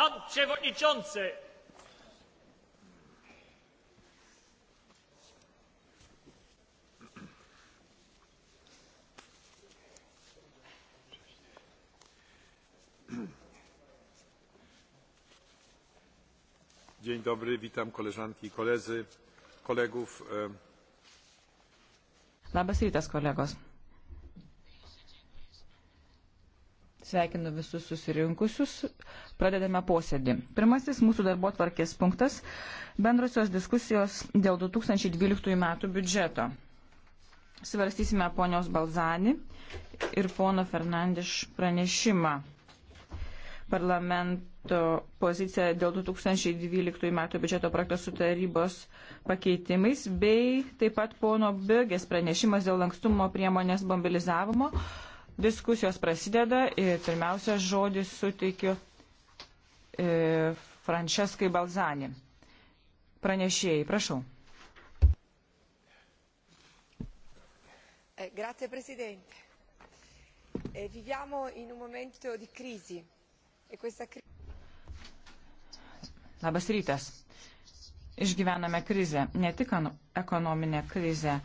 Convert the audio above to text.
Pan przewodniczący! Dzień dobry, witam koleżanki i koledzy, kolegów. Labas rytas, kolegos. Sveikinu visus susirinkusius. Pradedame posėdį. Pirmasis mūsų darbo tvarkės punktas - bendrosios diskusijos dėl 2012 metų biudžeto. Svarstysime ponios Balzani ir pono Fernandiš pranešimą. Parlamento pozicija dėl 2012 metų biudžeto projekto su tarybos pakeitimais bei taip pat pono Bögės pranešimas dėl lankstumo priemonės mobilizavimo Diskusijos prasideda ir pirmiausia žodį suteikiu e, Franceskai Balzani. Pranešėjai, prašau. Eh, grazie Presidente. E, viviamo in un momento di crisi e questa crisi. Labas rytas. Išgyvename krizę, ne tik ekonominę krizę,